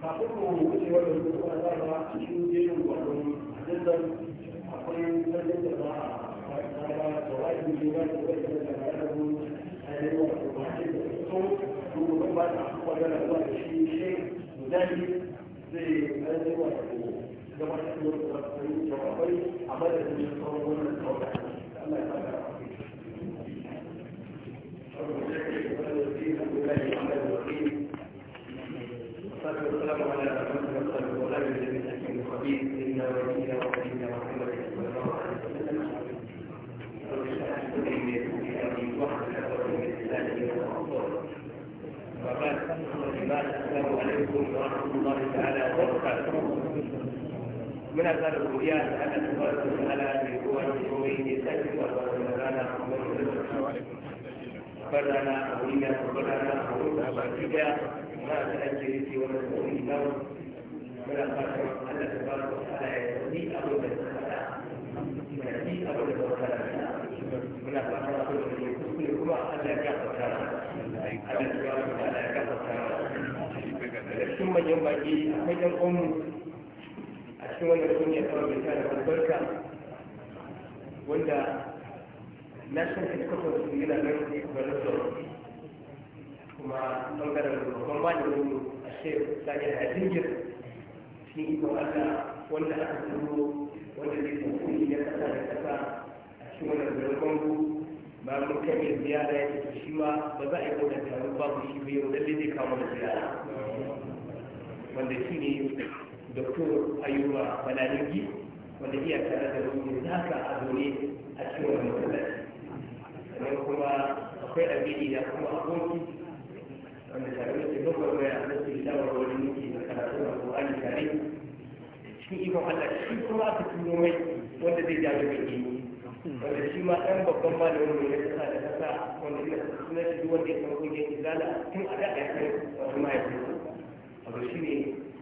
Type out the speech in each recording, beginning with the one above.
Kakuru. mu akwai da a ga a kuma da shi zai جماعة المتوفين جوابين عبادة من الصوم والتوبة الله يبارك فيك والصلاة والسلام على رسول الله وعلى آله وصحبه الخبير إنا ولينا وحبيبنا محمد صلى الله عليه وسلم رب اشرح السلام عليكم ورحمة الله تعالى وبركاته muna tsara kuriya da ana tuba da su ala mai kowa da komai ne sake zuwa ba da rana kuma da babbar rana a wuri da babbar rana a wuri da ba ki da ma ta ake yake wannan wuri na muna fata Allah ta ba ku ala ya yi abu da ta fada ya yi abu da ta fada muna fata ku da ne kuskure kuma Allah ya gafarta Allah ya gafarta Allah ya gafarta da cikin manyan baki akwai ɗan uwan cikin wannan duniya ta da tana albarka wanda na san shi kafa su da nan ga nasarar kuma bangaren babban malamin a shekaru sani da hajjiyar shi yi allah wanda aka turo wanda zai tafi na kasa da kasa a cikin wannan zargon ba mun kai ziyara ya ce shi ma ba za a yi wannan taron babu shi biyu wanda lallai zai kawo mana ziyara wanda shi ne doktor ayuba balalingi wanda iya tare da rumin zaka a zaune a cikin wani masallaci sannan kuma akwai abidi da kuma aboki wanda tare da cikin gwagwarmaya a nasu shawarwarin muke da karatun alƙur'ani tare cikin ikon Allah shi kuma aka mai wanda zai wanda shi ma ɗan babban malamin mai da nasa wanda ina suna shi wanda ya izala tun a da a yakan wasu abu shi ne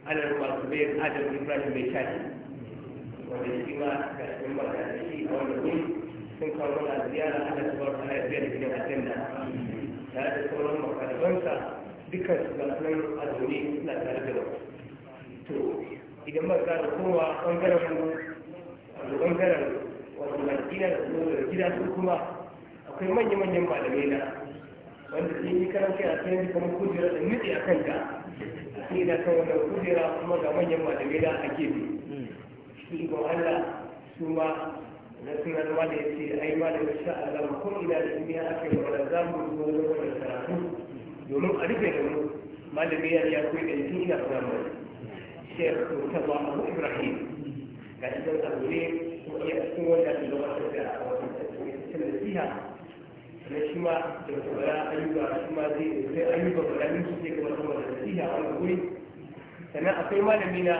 adar masu bayan adar ibrahim mai shafi wanda shi ma ga cikin mata da shi a wanda wuri sun kawo mana ziyara ana bar ana ziyar da gidan ajanda tare da sauran makarabansa dukkan su a azumi suna tare da wasu to idan ba za da kowa ɓangaren mu wato ɓangaren wato martina da kuma da gida su kuma akwai manya-manyan malamai na wanda sun yi karanta a cikin kamar kujerar da nufi a kanta ni da kawai da kudura kuma ga manyan malamai da ake bi shi ko Allah su ma na suna zama da yace ai ma da insha Allah ko ina da duniya ake wala za mu zo da wannan karatu domin a rufe da mu malamai ya ya koyi da shi ina mu Sheikh Mustafa Abu Ibrahim ga shi da abu ne ko ya cikin wannan lokacin da a wannan cikin nasiha na shi ma da kwaya ayyuka shi ma zai sai ayyuka kwaya su sai kamar kuma da nasiha a wani guri sannan akwai malami na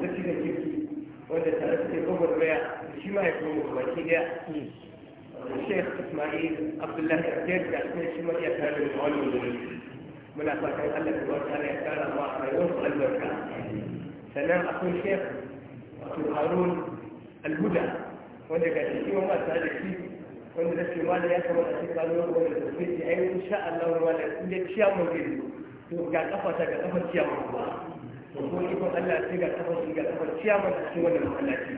da shi da kirki wanda tare suke gwagwarmaya shi ma ya kuma baki daya الشيخ اسماعيل عبد الله الكيف يعطينا شمال يكاد العلم من أفاك يقلب الوكالة يكاد الله يوصل الوكالة سلام أخو الشيخ أخو هارون الهدى وإذا كان شيء وما da shi. wanda da ce wani ya kama a cikin ruwan wanda da suke ce ai insha Allah ruwa da inda ciyawa zai zo to ga kafa ta ga kafa ciyawa ba to ko iko Allah sai ga kafa shi ga kafa ciyawa da shi wannan masallaci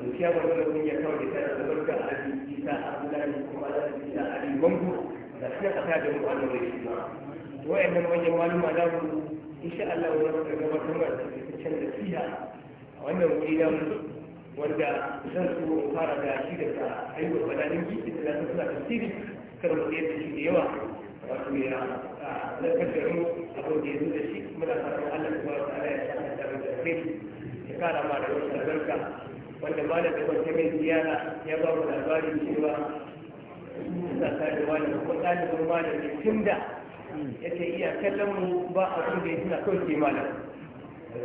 to ciyawa wanda kun ya kawo da ta da barka a ji ta Abdullahi kuma da ta Ali Mambu da shi ka ta da mu Allah da shi ba wa'annan manyan maluma da mu insha Allah wannan da gabatar da cikin da fiya a wannan wuri da mu wanda zan so in fara da shi daga ayyukan balanin gidi da zan suna tasiri kar mu da shi da yawa wato ya zarkar da mu abin da ya zo shi muna fatan Allah ta bara ta'ala ya sa da mu da kai ya kara ma da wasu albarka wanda malam da wata mai ziyara ya ba mu labarin cewa sa ta da malam ko ɗalibin malam ne tun da yake iya kallon mu ba abin da ya suna kawai ke malam.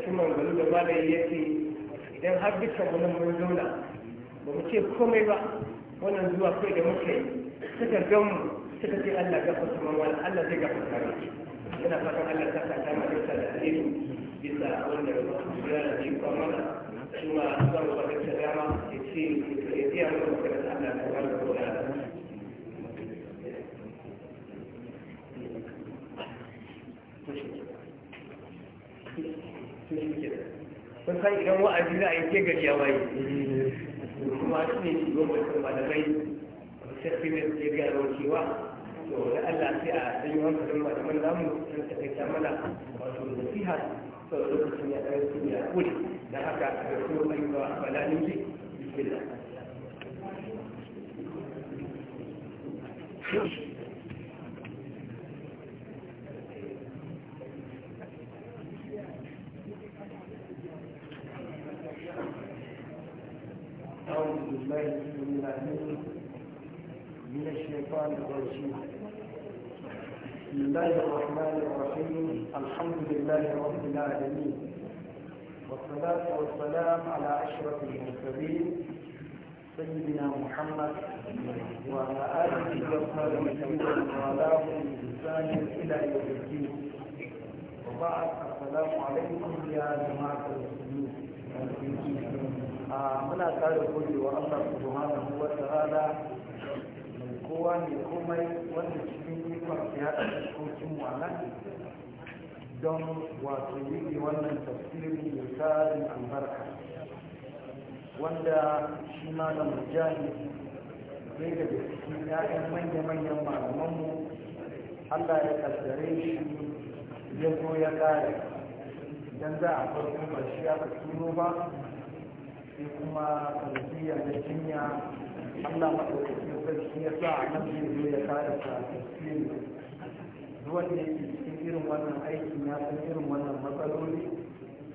Cimman galu da malam ya ce don har dukkan wannan mun zauna ba mu ce komai ba wannan zuwa kai da muke yi suka gan suka ce Allah gafarta man wani Allah zai gafarta mu ina fatan Allah ta sa ta mai da alheri bisa wannan rubutu da ke kuma kuma za mu ba da dama ya ce ya ce mu da Allah ta wani rubutu Thank you. sun san idan wa'azi za a yi ke gari ya waye kuma su ne shi goma da malamai sai ne ke gano cewa to da Allah sai a ɗan yi hankalin malaman mu sun ta kai mana wato nasiha to lokacin ya ɗan su ya kuri da haka da su ayyuka balalin ji bismillah بالله من الشيطان الرجيم بسم الله الرحمن الرحيم الحمد لله رب العالمين والصلاة والسلام على أشرف المرسلين سيدنا محمد وعلى آله وصحبه ومن والاه بإحسان إلى يوم الدين وبعد السلام عليكم يا جماعة المسلمين muna kare gode wa Allah subhanahu wa ta'ala mai kowa ne komai wanda cikin ikon ya haɗa fuskokin mu a don wato yi wannan tafsiri mai tsarin albarka wanda shi ma da mujahid zai daga cikin ya'yan manya-manyan malamanmu Allah ya kaddare shi ya zo ya kare Idan za a farko ba shi aka ba sai kuma sanadiyar da jinya allah maɗaukakin sarki ya sa a nan zai zo ya kare sa tafsiri zuwan da yake cikin irin wannan aiki na san irin wannan matsaloli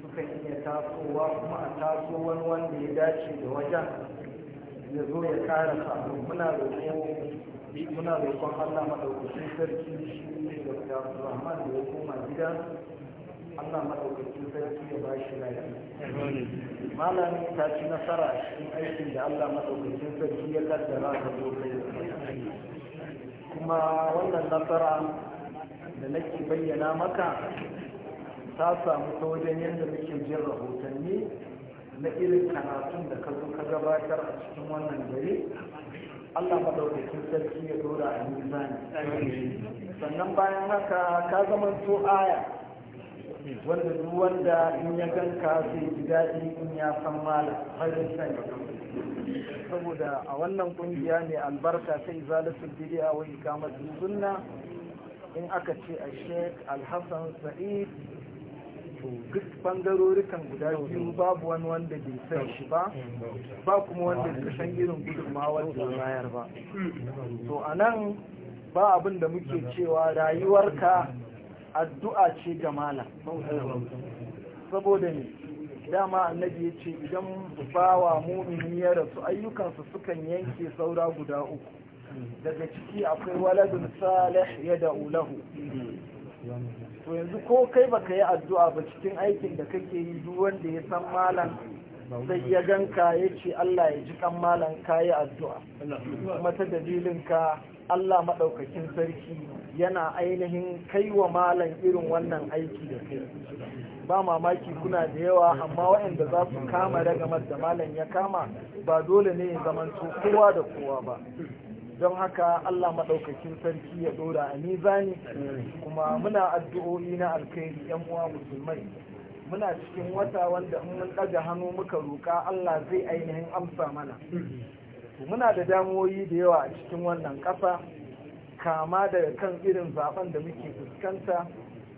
suka iya tasowa kuma a taso wani wanda ya dace da wajen ya zo ya kare sa muna roƙo muna roƙon Allah maɗaukacin sarki shi ne da Rahman da ya koma gida Allah madaukakin sarki ya ba shi lafiya malami ta ci nasara a cikin aikin da Allah madaukakin sarki ya kaddara ta zo kai kuma wannan nasara da nake bayyana maka ta samu ta wajen yadda nake jin rahotanni na irin karatun da ka zo ka gabatar a cikin wannan gari Allah madaukakin sarki ya dora a nizani. sannan bayan haka ka zama aya wanda duk wanda in ya ganka sai ji daɗi in ya san mala sani saboda a wannan kungiya ne albarka sai zalatul bidiya wa ikamatu sunna in aka ce a sheikh alhassan sa'id to duk bangarorikan guda biyu babu wani wanda bai san shi ba ba kuma wanda bai san irin gudunmawar da bayar ba to anan ba abin da muke cewa rayuwarka addu'a ce ga malam saboda ne dama annabi ya ce idan bawa mumini ya rasu ayyukansu sukan yanke saura guda uku daga ciki akwai waladun salih ya da ulahu to yanzu ko kai baka yi addu'a ba cikin aikin da kake yi duk wanda ya san malam sai ya ganka ya ce Allah ya ji kan malam kayi addu'a kuma ta dalilin ka Allah maɗaukakin sarki yana ainihin kai wa malam irin wannan aiki da kai ba mamaki kuna da yawa amma waɗanda za su kama daga da malam ya kama ba dole ne ya zamanto kowa da kowa ba don haka Allah maɗaukakin sarki ya ɗora a nizani kuma muna addu'o'i na alkhairi 'yan uwa musulmai muna cikin wata wanda in mun ɗaga hannu muka roƙa Allah zai ainihin amsa mana muna da damoyi da yawa a cikin wannan ƙasa kama daga kan irin zaben da muke fuskanta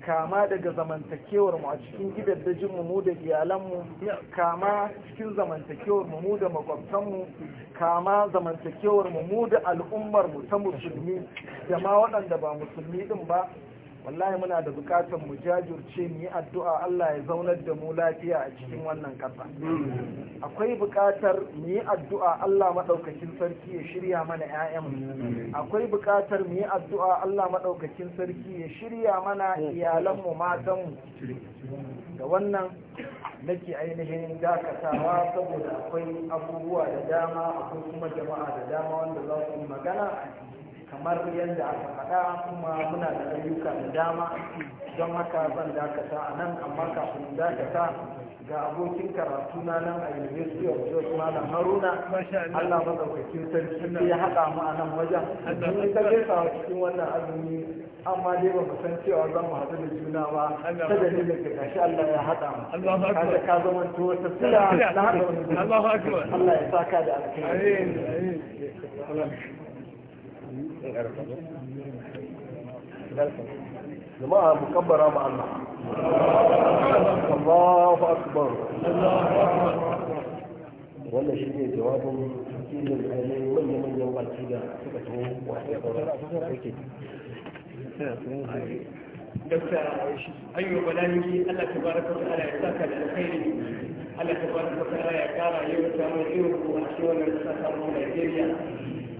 kama daga zamantakewar mu a cikin gidaddajin mu da iyalanmu kama cikin zamantakewar mu da makwabtanmu kama zamantakewar mu da al'ummar mu ta musulmi da ma waɗanda ba musulmi din ba wallahi muna da bukatar mu jajirce mu yi addu'a Allah ya zaunar da mu lafiya a cikin wannan ƙasa akwai bukatar mu yi addu'a Allah madaukakin sarki ya shirya mana mu. akwai bukatar mu yi addu'a Allah madaukakin sarki ya shirya mana iyalan iyalanmu mu da wannan nake ainihin dakatawa saboda akwai abubuwa da dama akwai kuma jama'a da dama wanda za su yi magana kamar yadda aka faɗa kuma muna da ayyuka da dama don haka zan dakata a nan amma kafin dakata ga abokin karatu na nan a university of george malam haruna allah madaukakin sarki ya haɗa mu a nan wajen mun ta gaisa cikin wannan azumi amma dai ba mu san cewa za mu haɗu da juna ba ta dalilin da gashi allah ya haɗa mu kaga ka zama to wata sila na haɗa wani allah ya saka da alkhairi جماعه مكبره مع الله الله اكبر ولا شيء جواب من الاهلين من من يوم الفجر سكتوا واحد يقول لك أي بلاني الله تبارك وتعالى يعطاك الخير الله تبارك وتعالى يا كارا يوم تامر يوم وحشون الخسر من الدنيا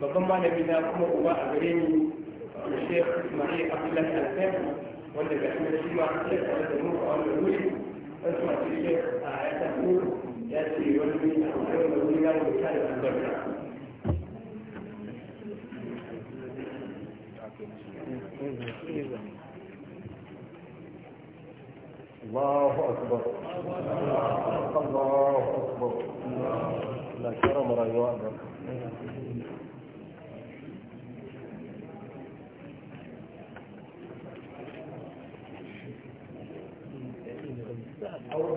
babban malami na kuma uba a gare ni Sheikh Ismail Abdullahi Al-Fem wanda ga shi da shi ma Sheikh Al-Zamu a wannan wuri dan su ce Sheikh a ya tafi ya ce wani a wannan wuri na rubuta da albarka الله أكبر الله أكبر لا شرم رأيوان بسم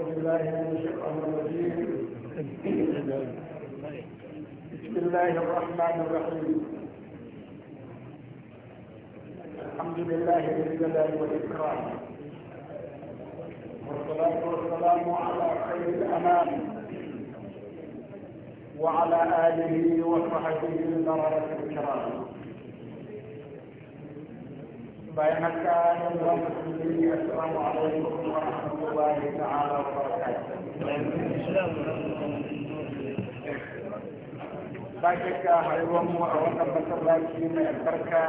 الله الرحمن الرحيم الحمد لله ذي الجلال والإكرام والصلاة والسلام على خير الأنام وعلى آله وصحبه البررة الكرام bayan haka yan uwa musulmi assalamu alaikum wa rahmatullahi ta'ala wa barakatuh ba shakka haihuwar mu a wannan masallaci mai albarka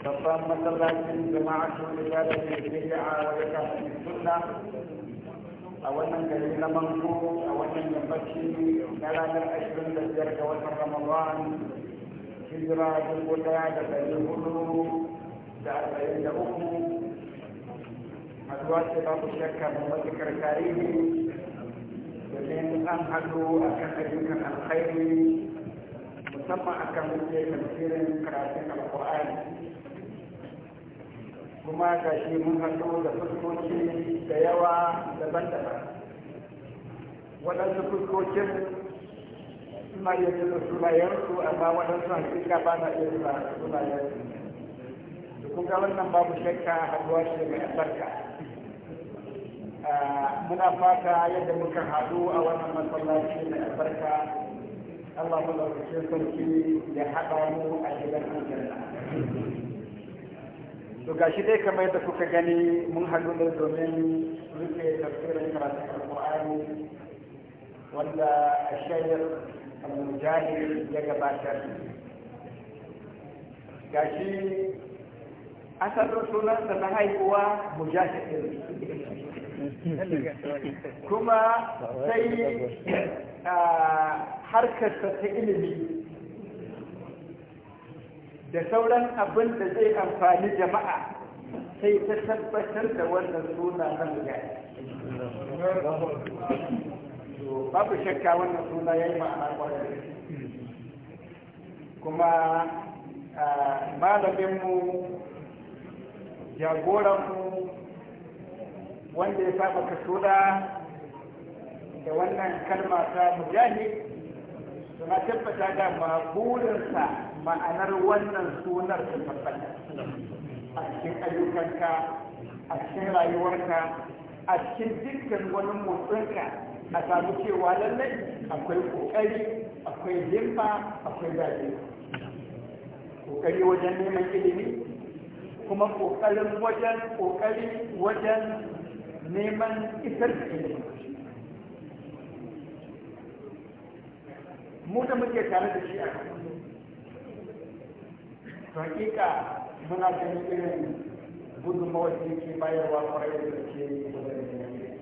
babban masallacin jama'a sun riga da ke bidi'a wa ya sunna a wannan gari na a wannan ranar ashirin da biyar ga watan ramadan dubu daya da dari da arba'in da uku haduwa ce babu shakka da matuƙar tarihi domin an haɗu a kan ayyukan alkhairi musamman a kan wuce tafsirin karatun alkur'ani kuma ga mun haɗu da fuskoki da yawa daban-daban waɗansu fuskokin suna amma kun wannan babu shakka haduwa ce mai albarka muna fata yadda muka haɗu a wannan masallaci mai albarka Allah mu ɗaukace sarki ya haɗa mu a gidan aljanna to gashi dai kamar yadda kuka gani mun haɗu ne domin rufe tafsirin karatun alƙur'ani wanda a shayar al-mujahid ya gabatar gashi asalin sunansa na haihuwa mujahid kuma sai harkarsa ta ilimi da sauran abin da zai amfani jama'a sai ta tabbatar da wannan suna na mujahid babu shakka wannan suna ya yi ma'ana kuma malaminmu jagoranmu wanda ya saba kaso da da wannan kalma ta mujahid suna tabbata da maburinsa ma'anar wannan sunar ta tabbata a cikin ayyukanka a cikin rayuwarka a cikin dukkan wani motsinka a samu cewa lallai akwai kokari akwai himma akwai daɗi kokari wajen neman ilimi kuma ƙoƙarin wajen ƙoƙari wajen neman isar da ilimi mu da muke tare da shi a to hakika muna ganin irin gudunmawar da yake bayarwa kwarai da ke gaske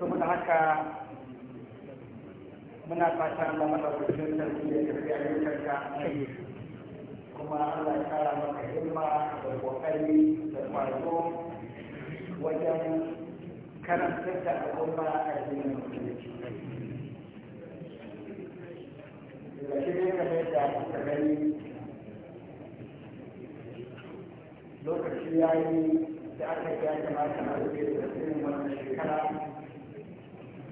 saboda haka muna fata na madaukakin sarki ya tafi a yankarka kuma Allah ya kara maka himma da kokari da kwazo wajen karantar da al'umma a cikin musulunci. Da shi ne ka sai da kuka gani lokaci ya yi da aka ya kamata a rufe da cikin wannan shekara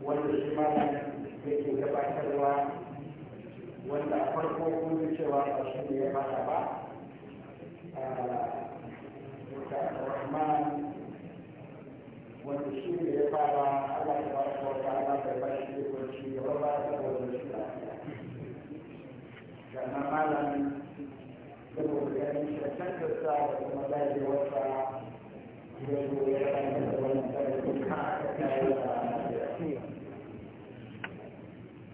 wanda shi ma da ke gabatarwa wanda a farko kun ji cewa a shi ne ya mata ba da rahman wanda shi ne ya fara Allah ta ba ta wata ala ba shi ne ko shi ne ba ta wata shi ba ga na malam saboda ganin shakkantarsa da kuma dajewarsa ya zo ya rana da wani tsarki har aka kai da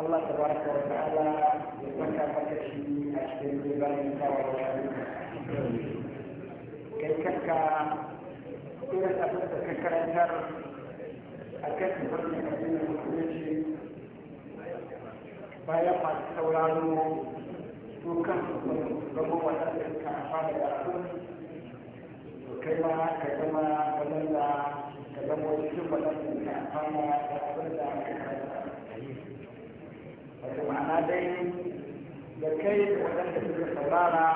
Allah tabaraka wa ta'ala ya kwanta maka shi a cikin ribanin kawo da kai kanka irin abin da ka karantar a kan tafarkin addinin musulunci bayan masu sauraro su kansu zama waɗanda suka amfana da su kai ma ka zama waɗanda ka zama wajen waɗanda suka amfana da ma'ana dai da kai da waɗanda suke saurara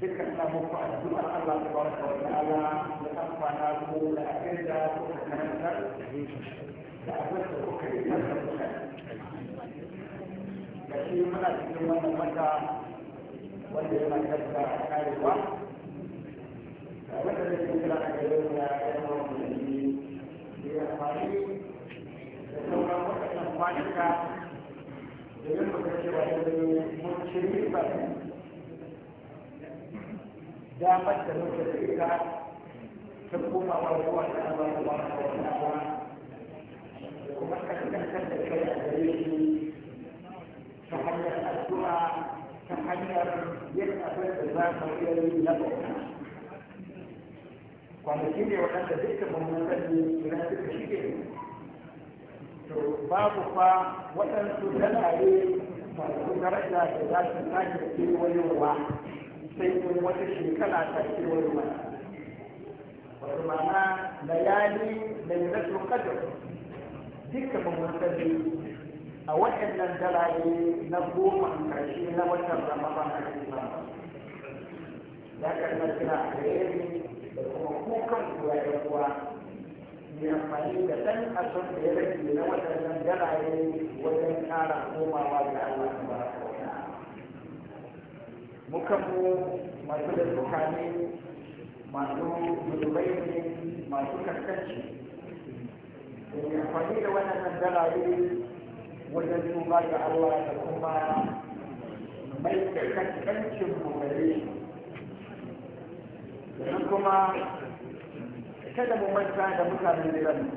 dukkan na muku a cikin Allah ta baraka wa ta'ala da amfana ku da abin da kuka karanta da abin da kuka yi masa kuka da shi muna cikin wannan mata wanda yana karta a karewa da wanda zai cikin da aka yi da ya zama musulmi da ya amfani da sauran waɗannan kwanuka domin mu san cewa yanzu mun shirye damar da muke da ita ta koma wa zuwa da da wani wani wani kuma ka da kai a gare shi ta hanyar addu'a ta hanyar yin abin da za ka iya yi na bauta kwanaki ne waɗanda dukkan mun sani babu fa waɗansu dalaye masu daraja da za su sake kewayowa sai in wata shekara ta kewayowa wasu ma'ana layali da yi rasu kadar duka mamarsani a waɗannan dalaye na goma karshe na watan ramadan a cikin ya karnar kira a da kuma kukan kuwa kuwa ke amfani da ɗan asusun da ya rage na waɗannan galaye wajen ƙara komawa ga Allah ta ba mukan mu masu da tukane masu zulubai ne masu karkanci da amfani da waɗannan galaye wajen tuba da Allah da kuma mai da karkancin mu gare shi kuma kada mu manta da mutanen da zan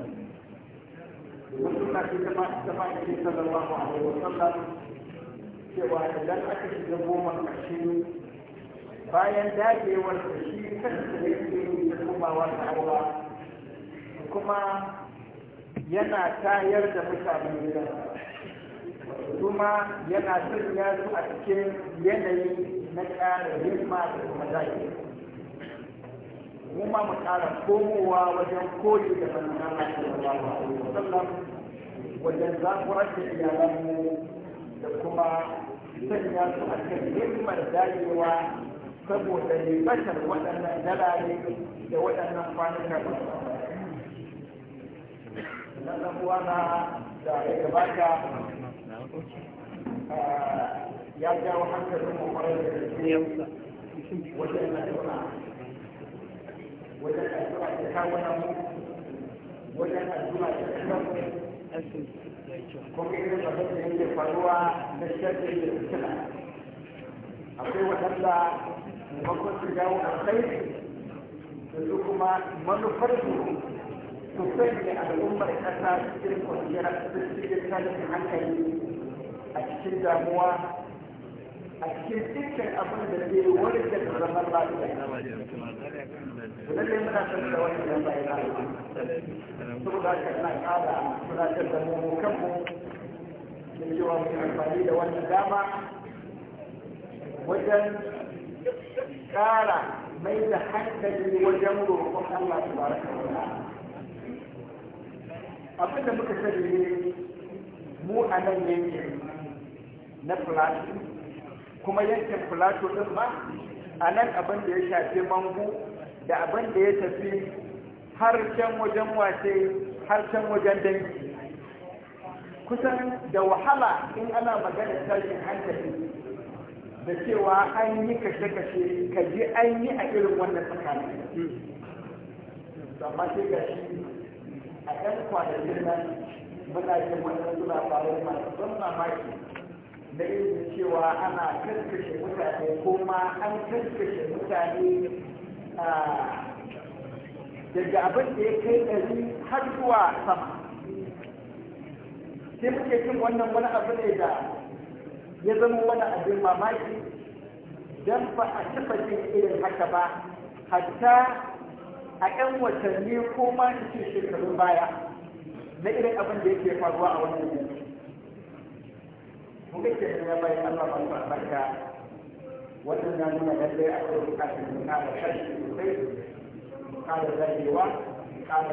wasu na ce ta faɗi ta faɗi ne sallallahu alaihi wa sallam cewa idan aka shiga goma ƙarshe bayan dagewar da shi kansa da yake yi da komawa ta Allah kuma yana tayar da mutanen gidan kuma yana sanya su a cikin yanayi na ƙara himma da kuma zaki mu ma mu ƙara komowa wajen koyi da manzon Allah sallallahu alaihi wasallam wajen zakurar da iyalanmu da kuma sanya su a kan himmar dajewa saboda ribatar waɗannan dalare da waɗannan kwanukan na da ya gabata ya jawo hankalin mu kwarar da gaske wajen na wajen addu'a da kawunan mu wajen addu'a da kawunan mu kuma irin abin da yake faruwa na shirin da fitina akwai waɗanda maimakon su jawo a kai su kuma manufar su su sanya al'ummar ƙasa cikin kwanciyar cikin tashin hankali a cikin damuwa الشركة الأصل الذي ولد الرب الله ولد المناسب الولد الله هذا مناسب وكمه من جوار القليل والندامة وجن قال ما يتحدد وجمره قل الله تبارك وتعالى أبدا متسلمين مو أنا ينجح نفلاتي kuma yankin plateau din ma a nan abin da ya shafi mangu da abin da ya tafi har can wajen wace har can wajen dangi kusan da wahala in ana magana tashin hankali da cewa an yi kashe-kashe kaji an yi a irin wannan tsakanin amma sai ga shi a 'yan kwanakin nan muna yi wannan suna faruwa masu ban mamaki na yin cewa ana karkashe mutane kuma an karkashe mutane daga abin da ya kai ɗari har zuwa sama sai muke cin wannan wani abu ne da ya zama wani abin mamaki don ba a taɓa jin irin haka ba hatta a 'yan watanni ko ma cikin shekarun baya na irin abin da yake faruwa a wannan muka ce ya bai Allah ba su albarka wannan na nuna lalle a kai bukatun mu kada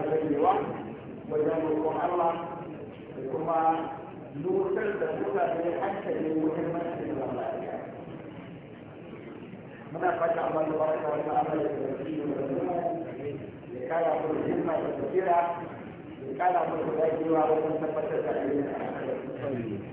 wajen Allah kuma nutar da Allah muna fata Allah ya baraka wannan amala da shi da mu ya kara mu da tsira ya kara mu dagewa wajen tabbatar da ayyukan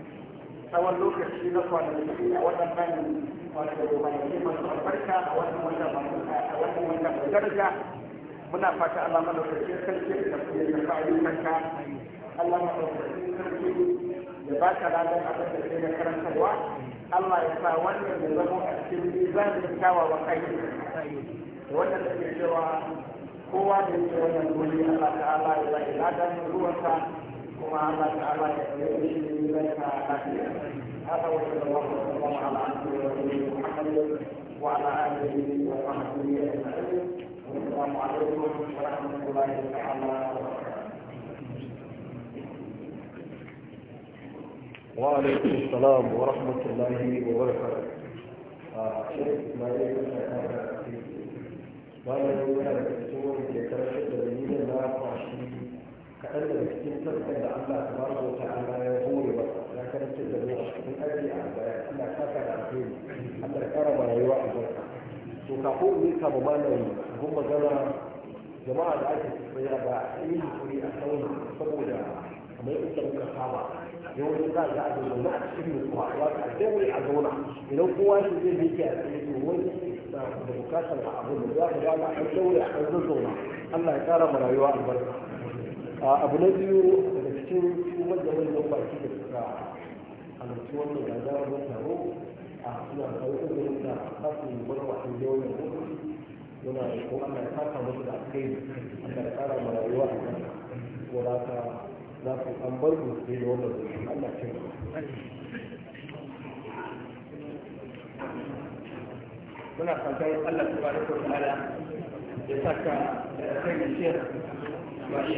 tsawon lokaci na kwanaki a waɗannan wato kwanaki masu albarka a wannan wanda a wannan wanda mai garga. muna fata Allah madaukakin sarki da kuma ya karɓa ayyukanka Allah madaukakin sarki ya ba ka ranar abin da ke da karantarwa Allah ya sa wannan ya zama a cikin mizanin kyawawan ayyuka wannan da ke cewa kowa da yake wannan duniya Allah ta'ala ya zaɗi ladan ruwansa وما الله هذا الله على وعلى وصحبه عليكم ورحمه الله تعالى وعليكم السلام ورحمة الله وبركاته. آه، kaɗan daga cikin sassan da Allah ta ba su wata ala ya hore ba ya karanta da mu a cikin aji a baya ina ka ka da alheri a ya ƙara ba rayuwa a barka to kafin mu ka ba malami gun magana jama'a da ake tsaya ba a yi hakuri a sauna saboda a kamar yadda muka saba yawanci za ga a zaune a cikin mutuwa ya ka daure a zauna idan kowa shi zai miƙe a tsaye to wani da bukatar a abu da za ka gana an daure a kan zazzauna Allah ya ƙara ma rayuwa albarka abu na biyu daga cikin wanda wannan baki da suka halarci wannan gagarumin taro a suna ɗaukar da yadda za su yi wani wasan yawon muna da ko Allah ya saka musu da kai Allah ya kara mana rayuwa a kan ko za ka za ku an bar ku da wannan Allah ya muna fatan Allah subhanahu wa ta'ala ya saka da kai ba shi.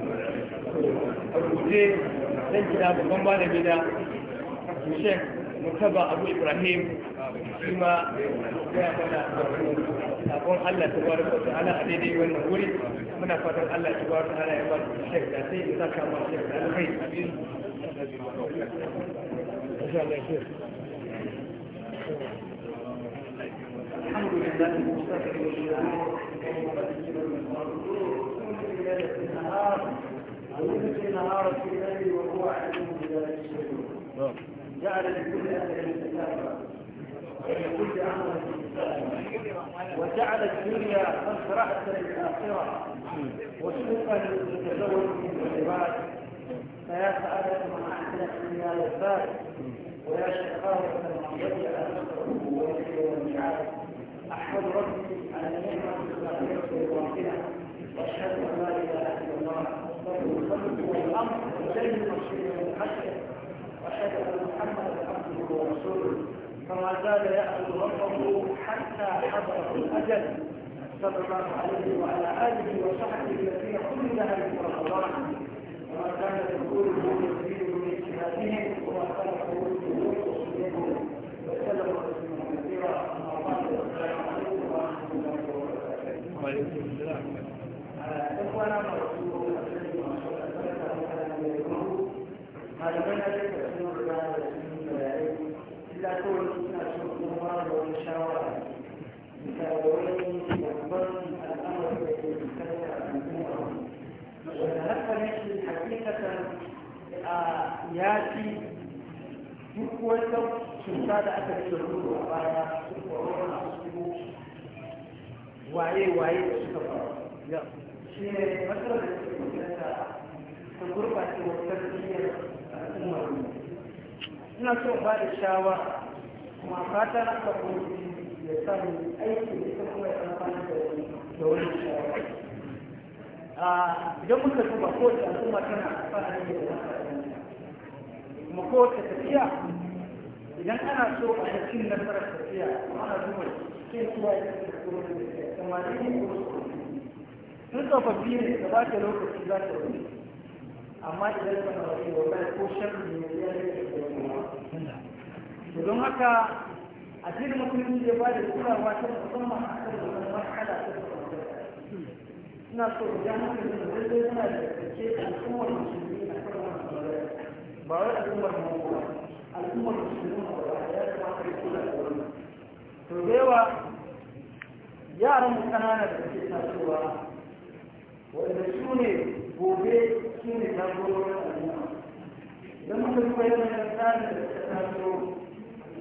سنتي أبو غمبان بدا الشيخ مرتبى أبو إبراهيم فيما أقول الله تبارك وتعالى أديني والنهوري من أفضل الله تبارك وتعالى يبارك الشيخ داتي إذا كان الله الشيخ داتي خير إن شاء الله يشير الحمد لله المستقبل والشيخ والمستقبل والمستقبل والمستقبل والمستقبل والمستقبل وجعل الدنيا قد رأس للآخرة وسوقا للتزوج من العباد فيا سعادة من أحسن الدنيا للذات ويا شقاوة من يجعل نصره ويجعل والمعاد أحمد ربي على نعمة الآخرة وأشهد أن لا إله إلا الله فما زال يأخذ ربه حتى حضر الأجل صلى الله عليه وعلى آله وصحبه الذين كل لها من رمضان وما كان يقوله يزيد من اجتهادهم وما كان يقوله يصلحهم وسلم تسليما كثيرا أما بعد والسلام عليكم ورحمة الله وبركاته. وعليكم السلام. إخوانا رسول الله صلى الله عليه وسلم هذا من أجل تسليم الله illa kawai suna so kuma ba da wani shawara bisa ga wani babban da a al'umma wanda haka ne shi duk wata cuta da aka ce rubu a baya su corona su waye-waye da suka faru shi ne matsalar da ke fuskanta ta gurɓacewar tarbiyyar al'ummar mu ina so ba da shawa. kuma fata na ka ya samu aiki da ita kuma ya amfani da wani da wani shawara idan muka duba kowace al'umma tana amfani da wani kuma kowace tafiya idan ana so a cikin cin nasarar tafiya kuma ana duba cikin kuwa ya da kuma da tafiya kuma da yin kuma sun tsofaffi ne da ba ta lokaci za ta wani amma idan ka na wasu yau ko shan ne ya yi da kuma to don haka addinin musulmi ya ba da kulawa ta musamman a kan wannan matsala ta ina so idan muka yi da zai suna da ke al'ummar musulmi a kan wannan ba wai al'ummar mako al'ummar musulmi ba ya kamata ya kula da wannan to da yawa yaran mu kanana da ke tasowa wanda su ne gobe su ne jagororin al'umma idan muka duba yanayin tsarin da suka taso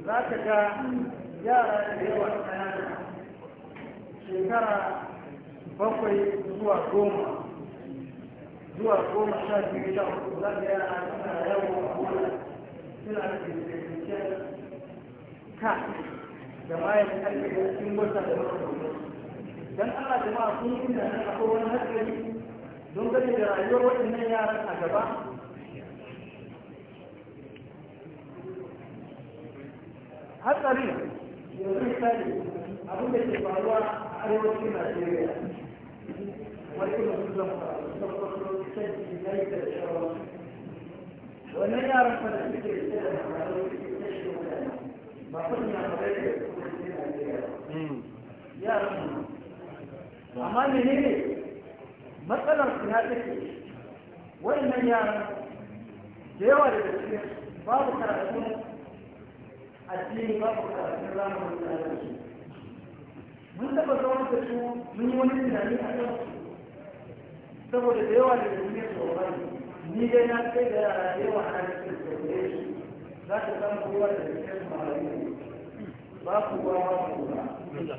za ka ga yara da yawa ƙanana shekara bakwai zuwa goma zuwa goma sha biyu sha uku za ka yara suna yawo a gona suna da kirkirkirkiyar ka da mayan ƙarfi cikin wata da wata dan Allah jama'a kun inda nan akwai wani hatsari don gani da rayuwar waɗannan yaran a gaba hatta ne yanzu misali abin da ke faruwa a arewacin najeriya wani kuma su zama da kwakwalwar canji na yi da shawarwa wannan yaran fa da suke da shawarwa da shi mutane ba kun ya fara da kuma su yi najeriya yaran amma menene matsalar su ya take wannan yaran da yawa daga cikin babu karatun addini ba ku karatun zamanin tsarin mun taɓa zama da su mun yi wani tunani a kan saboda da yawa da duniya ne, ni dai na kai da yawa a cikin tsoron za ka san da cikin mawari ba ku ba ba ku ba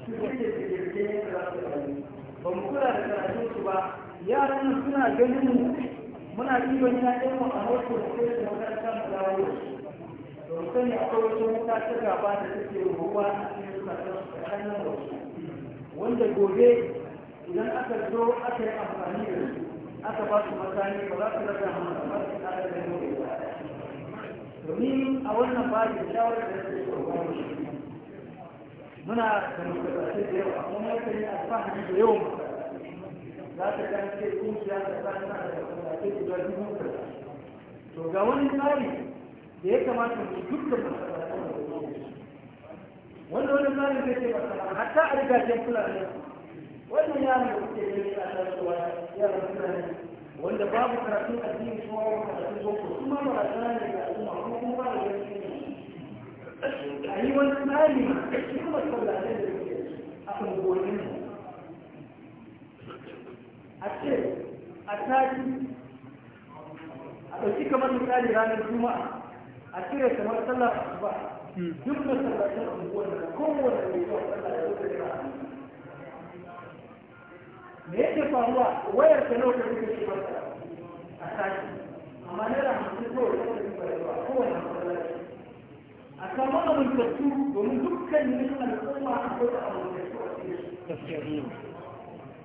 su suke jirgin yin karatu ba mu kula da karatun su ba yaran suna ganin mu muna ɗiban yayan mu a hoto da kuma makaranta mu dawo da su da mutum ya akwai wata wuta ta gaba da take ruwa a cikin zukatan su da wasu wanda gobe idan aka zo aka yi amfani da su aka ba su matani ba za su rasa mana ba su tsara da yau da domin a wannan bajin shawarar da ta tsoron shi muna da mutabbatai da yawa kuma yakan yi alfahari da yawan za ta kan ce kungiya ta tsakanin da mutabbatai guda dubu to ga wani tsari da ya kamata mu duk da wanda wani zalim zai ce ba hatta a riga ce fulani wannan ya ne kuke gani a tasowa ya rasu wanda babu karatun addini kuma wa karatun boko su ma ba sana ne ga al'umma kuma kuma ba da yanki a yi wani tsari shi kuma sallalai da suke a kan ne. a ce a tashi a ɗauki kamar misali ranar juma'a a cire kamar sallar asuba duk da sallar unguwar da kowane mai zuwa sallar ya wuce da me yake faruwa wayar ta nauka duka shi masa a tashi amma da hamsin kawai ta tafi ba zuwa kowane masallaci a samu amintattu domin dukkanin al'umma a kusa amintattu a cikin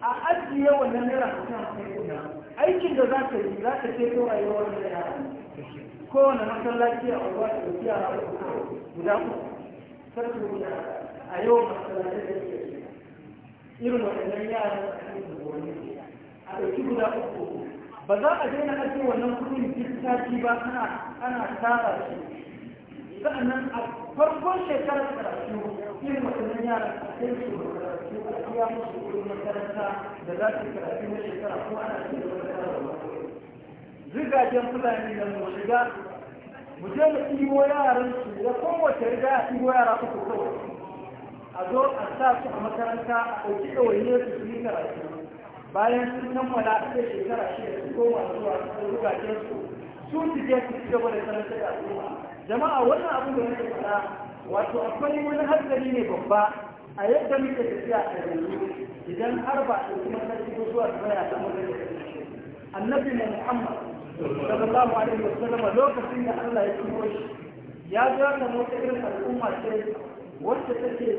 a ajiye wannan naira hamsin hamsin aikin da za ka yi za ka ce ta rayuwar naira hamsin kowane masallaci a unguwa da wasu yara uku guda uku sarki guda a yau masallaci da ke irin waɗannan yara a ɗauki guda uku ba za a daina ake wannan kudin littafi ba ana ana tara shi sa'annan a farkon shekarar karatu irin waɗannan yara a kai su karatu a kiyar musu kudin makaranta da za su karatu na shekara ko ana cikin makaranta rigajen fulani da mu shiga mu je mu ɗibo yaran su da kowace riga a ɗibo yara uku kawai a zo a sa su a makaranta a ɗauki ɗawainiyar su su yi karatu bayan sun kammala a kai shekara shida su koma zuwa rigajen su su su je su ci gaba da karanta da al'umma jama'a wannan abin da nake faɗa wato akwai wani hankali ne babba a yadda muke tafiya a yanzu idan har ba a ɗauki mataki zuwa tsaya ta magana annabi Muhammad sallallahu alaihi wasallam lokacin da Allah ya turo shi ya ga wannan wata irin al'umma ce wacce take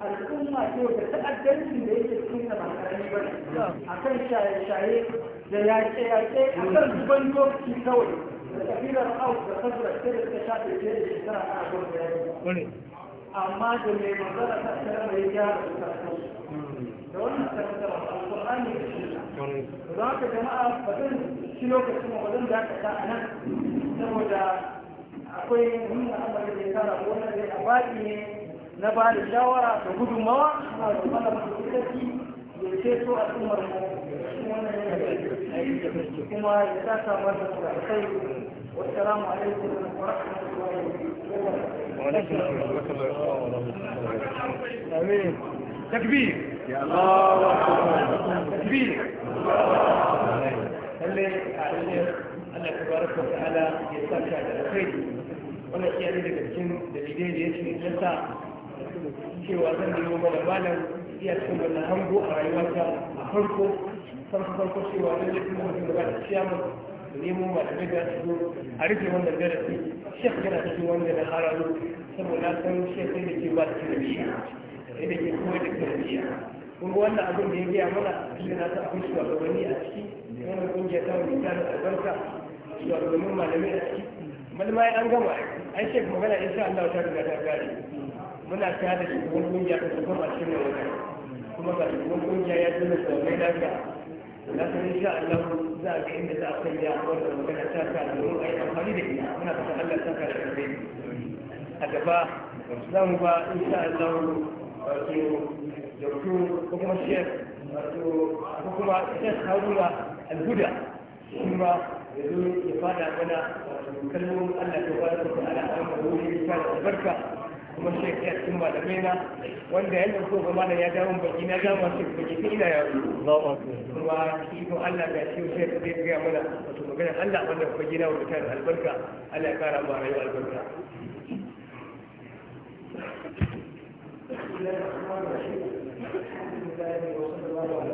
al'umma ce da ta'addancin da yake cikin da ba karami ba akan shaye-shaye da yaƙe-yaƙe a kan zuban lokaci kawai da kabilar aus da kasuwa ce da suka shafe ce da shekara a abuwa da yaƙi amma da mai magana ta tsara mai gyara su karkashi da wannan karkar al'ur'ani da shi za ka jama'a ba zan shi lokacin ma wajen da aka sa a nan saboda akwai muhimmin al'amari da ya kara wannan da a baki ne na ba da shawara da gudunmawa suna da mana masarautarki ya a so al'ummar mu wannan yana kuma ya sa samar da sosai والسلام عليكم ورحمة الله وبركاته. وعليكم السلام ورحمة يا الله تكبير. الله lalle a lalle Allah ta baraka wa ta'ala ya saka da alkhairi wannan shi ne daga cikin dalilai da yake yasa cewa zan nemo mana malam iya cikin wannan hango a rayuwarsa a farko farko farko cewa lalle kuma mutum da ba ta ciyaman nemo malamai da su a rufe wannan darasi shek yana cikin wanda na hararo saboda san shek ne da ke ba da tarbiyya ne da ke kuma da tarbiyya kuma wannan abin da ya gaya mana shi na ta abin shugabanni a ciki wannan kungiya ta wani ta da albarka da domin malamai a ciki malama ya an gama ai kuma magana insha Allah ta riga ta gari muna ta da shugaban kungiya ta shugaban a cikin wannan kuma ga shugaban kungiya ya tuna mai lafiya na san insha Allah za a ga inda za a sanya wannan magana ta ka domin yi amfani da ita muna fata Allah ta ka da karfi a gaba za mu ba insha Allah wato doktor ko kuma shek wato ko kuma shek haruna al-huda shi ma ya zo ya fada mana kalmomin Allah ta fara ta ala amma wuri fara albarka kuma shek ya cikin malamai na wanda ya dauko ga malam ya dawo baki na ga ma shek baki ta ina yaro kuma shi ko Allah da shi shek zai ga mana wato magana Allah wanda kuma gina wa ta albarka Allah ya kara ma rayuwa albarka بسم الله الرحمن الرحيم الحمد لله وصلى الله على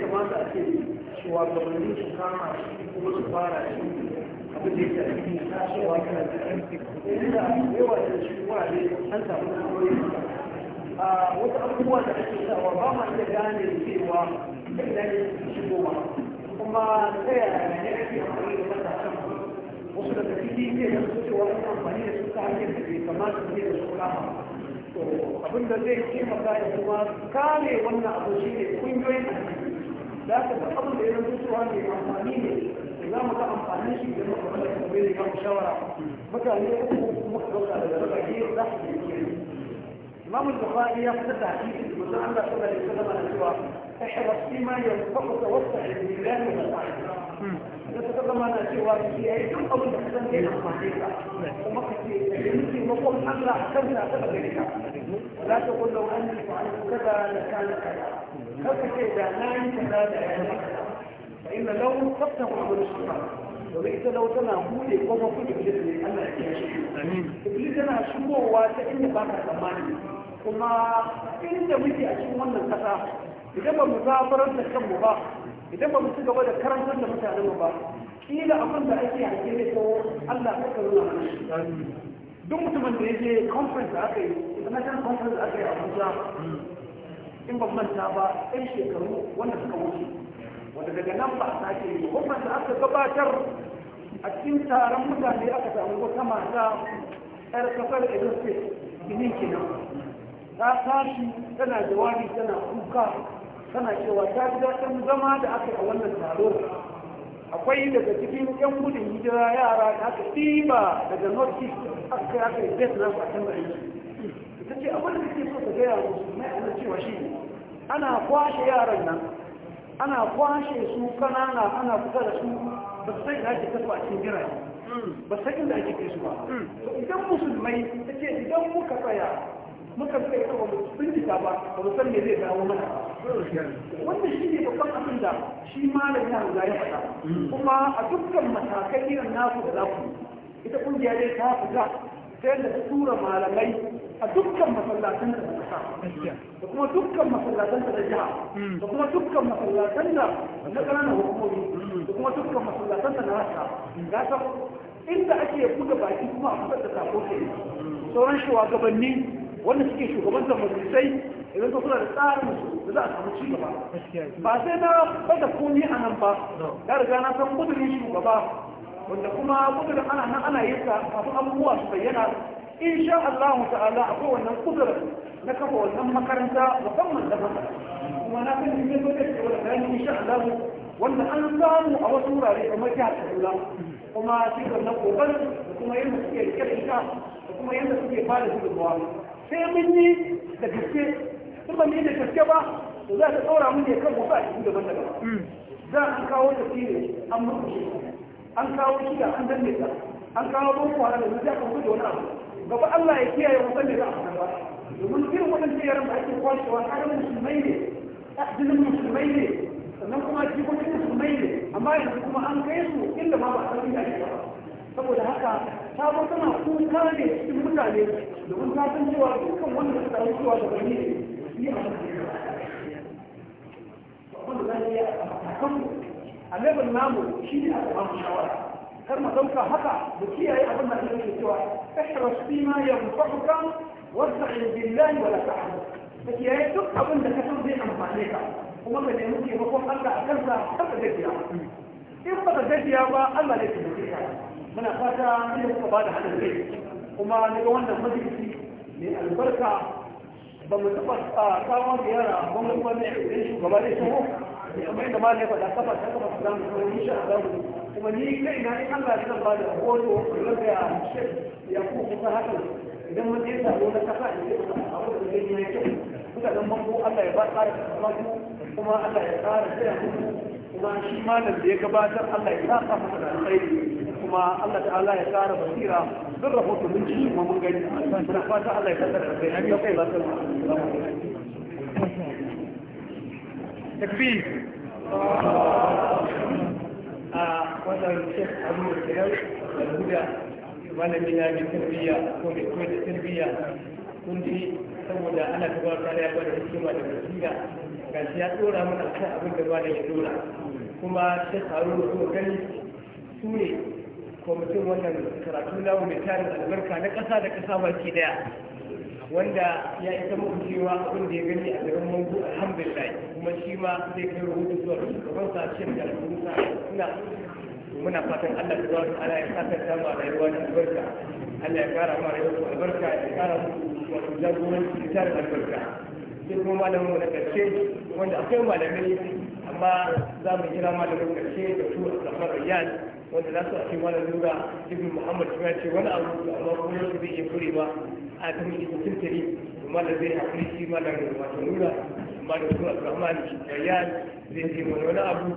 ya kamata a ce shugabanni su kama shi kuma su fara shi da a cikin tashiwa da ƙarfi inda yawa da shi wa ne an samu a wata abubuwa da ake sawa ba ma iya gane cewa kuma ta yaya ne ake amfani da matasan wasu daga ne da su cewa an amfani da su ta hanyar da bai kamata ne da su kama abin zai taimaka kuma wannan abu shi ne kungiyoyin za ka ga abin da ya zama cewa ne amfani ne za mu ga amfanin shi da muka bada kamar da yawon shawara mutane uku muka zauna da daga gero za su yi kiri imamu bukhari ya fitar da hadisi da manzon Allah sallallahu alaihi wasallam na cewa ihras bima yanfa'uka wasta'i billah wa ta'ala da suka zama na cewa shi ya yi duk abin da kasan da ya amfani ka kuma ka ce da ya nufi makon Allah a kan ta taɓa gari ka za ta kulla wani fa'in kaza da kana kaza haka ce da na yi kaza da ya yi fa inna law taftahu amru ba. domin ita lau tana bude kuma kuma iblis ne Allah ya kiyaye shi amin iblis tana shigowa ta inda ba ka tsammani kuma inda muke a cikin wannan kasa idan ba mu zafarar da kanmu ba idan ba mu ci gaba da karantar da mutane mu ba kila abin da ake hanke ne ko Allah ka karo na duk mutumin da ya je conference da aka yi international conference da aka yi a Abuja in ban manta ba ɗan shekaru wanda suka wuce wanda daga nan ba ta ke yi da aka gabatar a cikin taron mutane aka samu wata mata yar kasar edo state ginin kenan ta tashi tana jawabi tana kuka tana cewa ta ji daɗin zama da aka a wannan taro akwai daga cikin yan gudun hijira yara da aka ɗiba daga north east aka yi aka yi best na a can da ita ce abin da ke so ta gaya musu mai ana cewa shi ne ana kwashe yaran nan ana kwashe su kanana ana fita da su ba su sai da ake tafi a cikin jira hmm. ba sai da ake kai su ba hmm. to idan musulmai ce, idan muka tsaya muka tsaya ka ba bincika ba ba mu san me zai dawo mana wanda shi ne babban abin da shi malam ya riga ya hmm. kuma a dukkan matakai irin naku da za ku ita kungiya dai ta fita ta yadda ta tura malamai a dukkan masallatan da ta da kuma dukkan masallatan da jiha hmm. da kuma dukkan masallatan da na ƙananan hukumomi hmm. da kuma dukkan masallatan da na rasa ga ta inda ake buga baki kuma a fitar da sako ke hmm. sauran shugabanni wanda suke shugabantar majalisai idan ka kula da tsarin su da za a samu ci gaba ba sai na bada komi a nan ba ya riga na san kudurin shugaba wanda kuma kudurin ana nan ana yin sa kafin abubuwa su bayyana in sha Allah ta'ala akwai wannan kudura na kafa wannan makaranta musamman da masa kuma na kan cikin zo da ke wani bayan in sha Allah wanda an samu a wasu wurare kamar jihar Kaduna kuma shi na kokarin da kuma yadda suke rike da ita da kuma yadda suke ba da gudunmawa sai mun yi da gaske in ban yi da gaske ba to za ta tsora mun ne kan wasu a cikin daban daban hmm. za a kawo tafsiri an murkushe an kawo shida an danne ta an kawo boko haram da zai ka gudu wani fa Allah ya kiyaye wasan da za a fitar ba domin irin waɗannan yaran da ake kwashewa ƙaramin musulmai ne jinin musulmai ne sannan kuma jikokin musulmai ne amma yanzu kuma an kai su inda ma ba a san inda ake ba saboda haka ta zo tana kuka ne cikin mutane domin ta san cewa dukkan wanda suka samu cewa da bane ne ni a wanda zan yi a kan a level namu shi ne a kamar shawara kar mu dauka haka mu kiyaye abin da kake cewa ihras fi ma wasu wasta'in billahi wa la ta'ala ka kiyaye duk abin da ka san zai amfane ka kuma ka nemi taimakon Allah a kansa kar ka gajiya in ba ka gajiya ba Allah ne ke da muna fata ne kuka da hadin kai kuma daga wannan majalisi mai albarka ba mu taɓa tsawon ziyara wani wani eh, shugaba ne shi mu kamar yadda ma ne ba da kafa ta kafa ta zamu a insha Allah kuma ni kai na in Allah ya ba da hoto da ya shi ya ku ta haka idan mun yi sabo na kasa in ce a wanda zai yi yake kuka dan ko Allah ya ba tsara kuma kuma Allah ya tsara sai kuma shi malam da ya gabatar Allah ya sa masa da alkhairi kuma Allah ta'ala ya tsara basira duk rahoto mun ji kuma mun gani da fata Allah ya tsara kai an kai ba ta takbir a wannan shek abu kiran da wannan gina da tarbiyya ko da kuma da tarbiyya kun ji saboda ana gaba ta ya bada hikima da basira ga shi ya tsora mana kan abin da ba da ya tsora kuma shek haruna ko gani su ne kwamitin wannan karatu na mai tarin albarka na ƙasa da ƙasa baki daya wanda ya isa muku cewa abin da ya gani a garin mangu alhamdulillah kuma shi ma zai kai rahoto zuwa ga shugaban sa shi da al'umma suna muna fatan Allah ta zuwa ala ya saka ta ma rayuwa da barka Allah ya kara ma rayuwa da barka ya kara mu wato jagoranci da barka sai kuma malamin mu na karshe wanda akwai malamin amma za mu kira malamin karshe da su a safar riyal wanda za su a cikin wani lura ibn muhammad ya ce wani abu amma kuma yau zai iya kurewa a kan ikon tunturi kuma da zai haƙuri shi malamin wato lura umaru zuwa rahman rayyan zai ce wani wani abu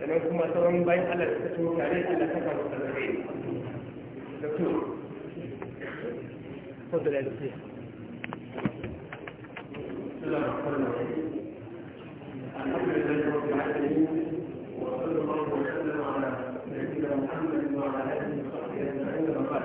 sannan kuma sauran bayan allah da suka ci tare allah ta kama da zai تفضل يا دكتور الحمد لله رب العالمين وصلى الله وسلم على نبينا محمد وعلى اله وصحبه اجمعين وبعد.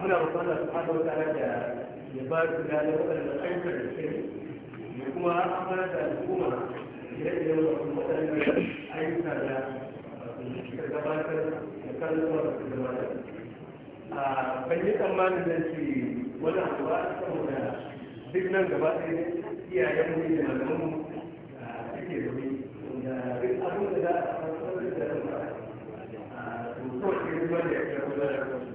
muna roƙon Allah subhanahu wataala da ya ba su gane waɗannan ayyukan da suke ya kuma a da al'umma ire-iren waɗannan ayyuka da suka gabatar da kalmar da suka gabatar yi tsammanin da ke wani abu ba saboda duk nan gaba ɗaya iyayen mu da malaman mu suke da wuri da duk abin da za a fasar da zama a to kawai ne zuwa da ya fi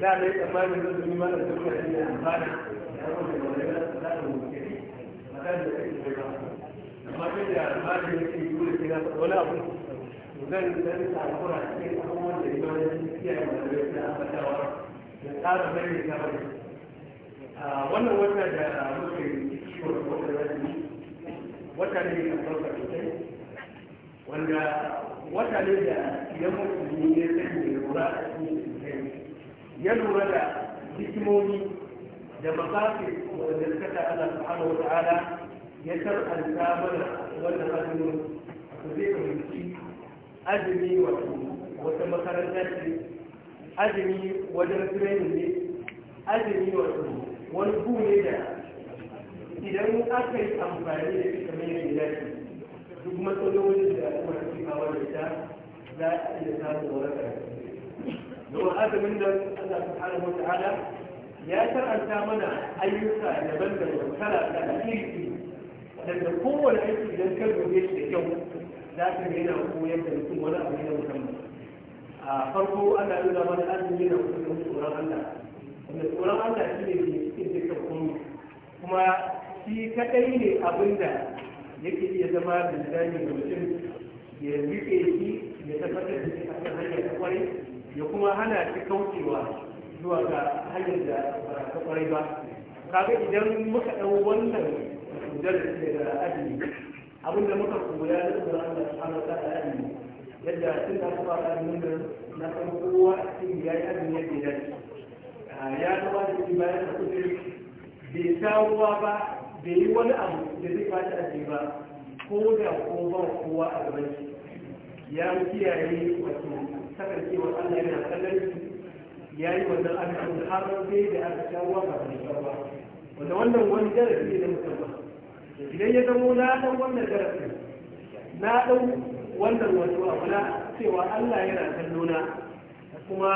da ne tsammanin da su mana da suka yi amfani da kuma da wani da su da mu ke amma da ke da amma da ya amfani da ke yi da ke wani abu zan zan ta kura cikin abubuwan da ya yi da ya ta ambatawa da tsara mai da wani wannan wata da muke ciwo da wata wata ne da wanda wata ne da idan mutum ne ya lura a cikin ya lura da hikimomi da makafi wanda suka ta Allah subhanahu wa ta'ala ya tar'anta mana wannan azumi ku zai fahimci azumi wato wata makaranta ce azumi wajen training ne azumi wato wani bu ne da idan aka yi amfani da shi kamar yadda ya dace duk matsalolin da al'umma suke kawo da ita za a iya samun waraka domin azumin da Allah subhanahu ta'ala ya shar'anta mana ayyuka daban da kala kala iri wadanda kowane aiki idan kan dube shi da kyau za ka ga yana koyar da mutum wani abu na musamman a farko ana nuna mana azumin yana kusa da tsoron Allah wanda tsoron Allah shi ne ke cikin dukkan komai kuma shi kadai ne abin da yake iya zama da zani da mutum ya rike shi ya tabbatar da shi a kan hanyar kwarai ya kuma hana shi kaucewa zuwa ga hanyar da ba ta kwarai ba kaga idan muka ɗau wannan darasi da azumi abinda muka koya da tsoron Allah subhanahu wa ta'ala azumi yadda tun da aka fara nuna na san kowa a cikin ya yi azumi yadda da ah, shi ya gaba da shi bayan da kudin bai kawowa ba bai yi wani abu da zai fashi azumi ba ko da ko ba kowa a gaban shi ya kiyaye wato kasancewar Allah yana kallon shi ya yi wannan abin har sai da aka shawo ba da shawo wanda wannan wani darasi ne da ba idan ya zamo na ɗan wannan darasi na ɗan wannan wato abu na cewa Allah yana kallo na kuma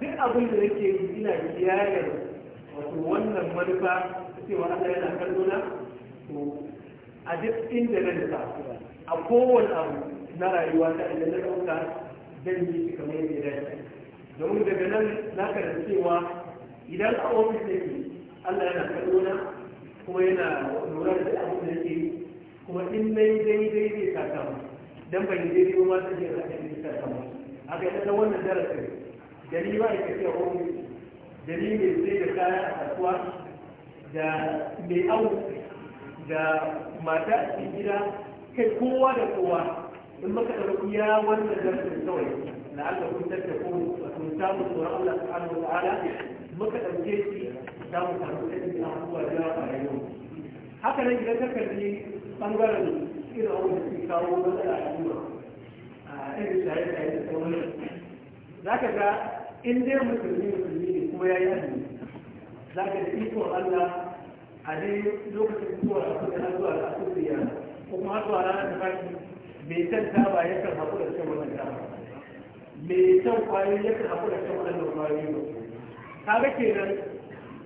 duk abin da nake yi ina kiyaye wato wannan manufa cewa Allah yana kallo na to a duk inda na nufa a kowane abu na rayuwa ta inda na ɗauka zan yi shi kamar yadda ya dace domin daga nan na karanta cewa idan a ofis ke Allah yana kallo kuma yana lura da abin da nake yi kuma in na yi daidai zai saka mu dan ban yi daidai ma ta ya saka ni saka mu a kai ta wannan darasin da ni ba ita ce ofis da ni ne sai da kaya a kasuwa da mai awu da mata a cikin gida kai kowa da kowa in maka ɗauki ya wanda zarfin kawai na Allah kun tattako kun samu tsoron Allah subhanahu wa ala muka ɗauke shi za mu samu kaɗin da abubuwa da yawa a yau haka nan idan ka kalli ɓangaren irin abubuwan da suke kawo matsala a rayuwa a irin shaye-shaye da sauran za ka ga in dai musulmi musulmi ne kuma ya yi hannu za ka da ikon Allah a dai lokacin zuwa a kusa zuwa a kusa yana ko kuma zuwa ranar da mai san taba yakan haƙura da shan wannan taba mai san kwayoyi yakan haƙura da shan wannan kwayoyi ba kaga kenan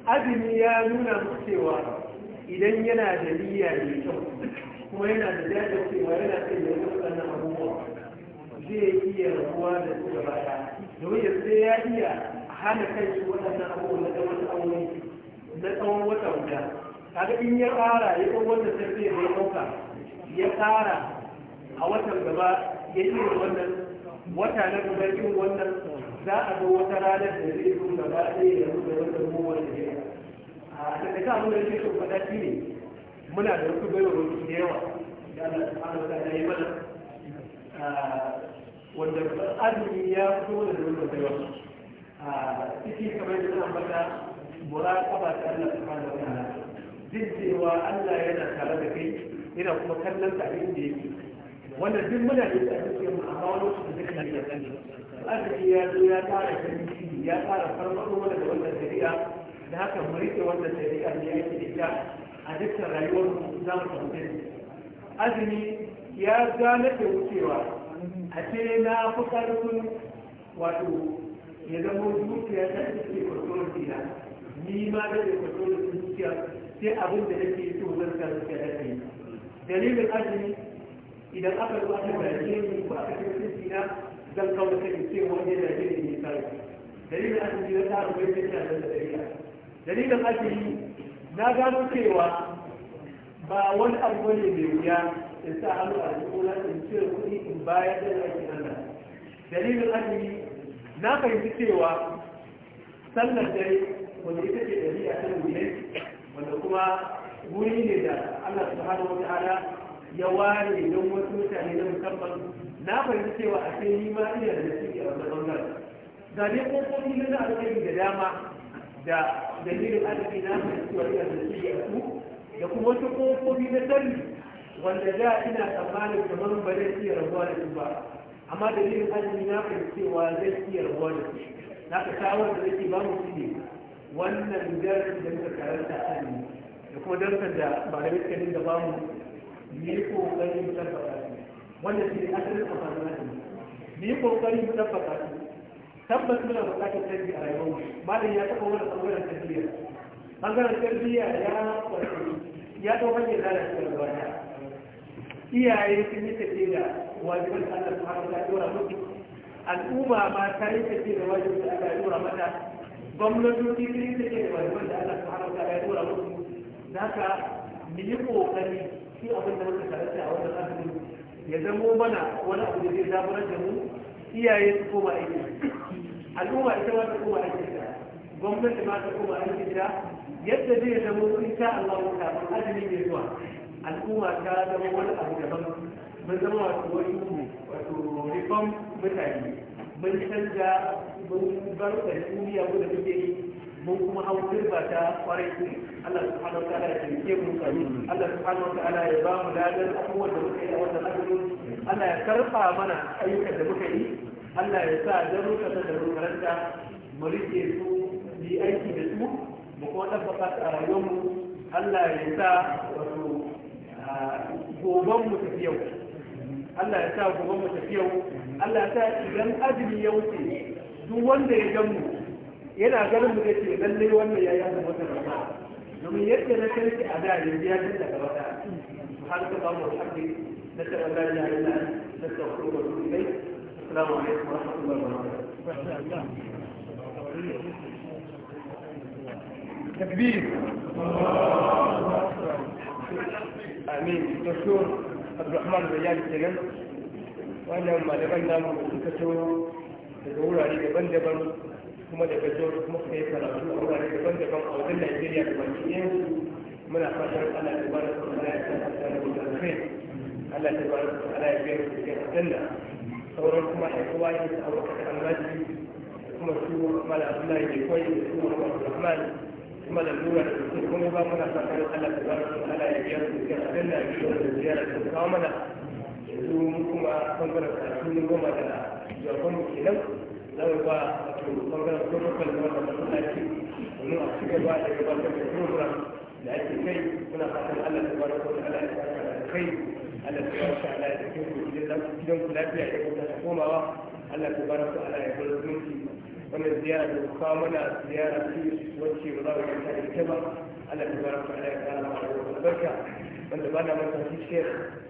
azumi ya nuna muku cewa idan yana da niyya mai kyau kuma yana da jajin cewa yana son ya yi wannan abubuwa zai iya rabuwa da su gaba ɗaya domin yanzu sai ya iya hana kai shi waɗannan abubuwa na tsawon aure na tsawon wata guda kaga in ya ƙara ya ɗan wanda sai zai ɗauka ya ƙara a watan gaba ya yi wannan wata na gaba yin wannan za a zo wata ranar da zai zo gaba ɗaya ya rufe wannan kowane da a daga ka abin da yake so faɗa shi ne muna da wasu bayar wasu da yawa da Allah subhanahu wa ta'ala yi mana wanda azumi ya fito da da bayar a ciki kamar da zan faɗa muraqaba ta Allah subhanahu wa ta'ala jin cewa Allah yana tare da kai ina kuma kallon ta abin da yake wanda duk muna duk da ita ake mu amma wani wasu da duka da kan arziki ya zo ya tara kanci ya tara farfaɗo mana da wannan shari'a da haka mu rike wannan shari'a ne yake da ita a dukkan rayuwar mu za mu tambaye azumi ya gane da wucewa a ce na fi ƙarfin wato ya zama zuciya ta ke kwakwalwar dina ni ma da ke kwakwalwar zuciya sai abin da nake so zan sa zuciya ta yi dalilin azumi idan aka zuwa ta zage ne ko aka ce mutunci na zan kawo kai cewa wani da zage ni ne sai dalilin asali na tsara bai ce ina da dalila dalilin asali na gano cewa ba wani abu ne mai wuya in sa hannu a cikin jikuna in cire kuɗi in bayar da aikin nan dalilin asali na fahimci cewa sallar dare wanda ita ce dalila ta wuri wanda kuma wuri ne da Allah subhanahu wa ta'ala ya ware don wasu mutane na musamman na fahimci cewa a sai yi ma ina da nasi a wannan Zane ga dai kofofi na alƙali da dama da dalilin arziki na fahimci wa ina da nasi a su da kuma wasu kofofi na sani wanda da ina tsammanin kamar ba zai iya rabuwa da su ba amma dalilin arziki na fahimci cewa zai iya rabuwa da su na ka shawar da zai ba mu shi ne wannan darasin da muka karanta a da kuma darasin da malamai suka da ba mu me yi kokarin mu tabbata shi wanda ke ne asalin amfanin nasu me yi kokarin mu tabbata shi tabbas muna buƙatar canji a rayuwar malam ya taɓa wani ɓangaren tarbiyya ɓangaren tarbiyya ya ya ɗau hanyar da baya iyaye sun yi tafiya da wajiban Allah su haka ta ɗora musu al'umma ma ta yi tafiya da wajiban Allah ya ɗora mata gwamnatoci sun yi tafiya da wajiban da Allah su haka ta ɗora musu da haka mu yi ƙoƙari shi abin da muka karanta a wannan azumi ya zamo mana wani abu da zai zaburar da mu iyaye su koma aiki al'umma ita ma ta koma aiki ta gwamnati ma ta koma aiki ta yadda zai zamo insha Allah kafin azumi mai zuwa al'umma ta zama wani abu daban mun zama wato wani wato reform mutane mun canza mun bar da duniya ko da muke yi mun kuma hau turba ta kwarai ku Allah subhanahu wataala ya taimake mu Allah subhanahu wataala ya ba mu ladan abubuwan da muka yi a wannan azumin Allah ya karfa mana ayyukan da muka yi Allah ya sa daruka da darukaranta mu rike su yi aiki da su mu kuma tabbata a rayuwarmu Allah ya sa wato goban mu yau Allah ya sa goban mu tafiyau Allah ya sa idan azumi ya wuce duk wanda ya gan mu yana ganin mu yace lalle wannan ya yi wata rama domin yadda na kai a da yanzu ya tun daga wata har ka ba mu hakki na ta Allah ya yi na na ta kuma ku dai assalamu alaikum wa rahmatullahi wa barakatuh تكبير امين دكتور عبد الرحمن بيان kenan wannan malaman namu suka tawo daga wurare daban-daban kuma daga jori kuma suka yi karatu a wurare daban-daban a wajen Najeriya da baki ɗayan muna fatan Allah ta bada su ala ya san da mutan kai Allah ta bada su ala ya biya su cikin aljanna sauran kuma a kowa ya sa wa kaka almaji kuma su mala Abdullahi ne koyi da su wa Rahman kuma da lura da su kuma ba muna fatan Allah ta bada su ala ya biya su cikin aljanna ya biya su ziyara da kawo mana su kuma bangaren karatu ne goma da jargon kenan zai ba wato sauran a da gabatar da program da ake kai muna fatan Allah ta kai Allah ta komawa Allah ta baraka ziyara da kawo mana ziyara ta ta ba na manta shi shekh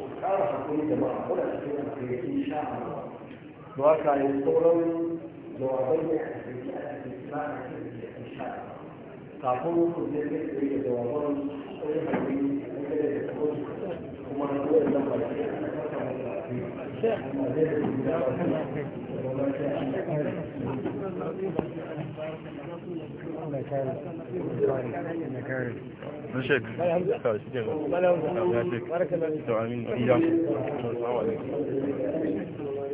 ƙara hakuri da ma'a da cikin alkhairi insha Allah don haka yin sauran jawabai ne a cikin alkhairi na alkhairi insha Allah kafin ku je da jawaban da kai da kuma kuma na koyar da ba da kai da kuma da kai da kuma kai da kuma da kai نشك بارك الله فيك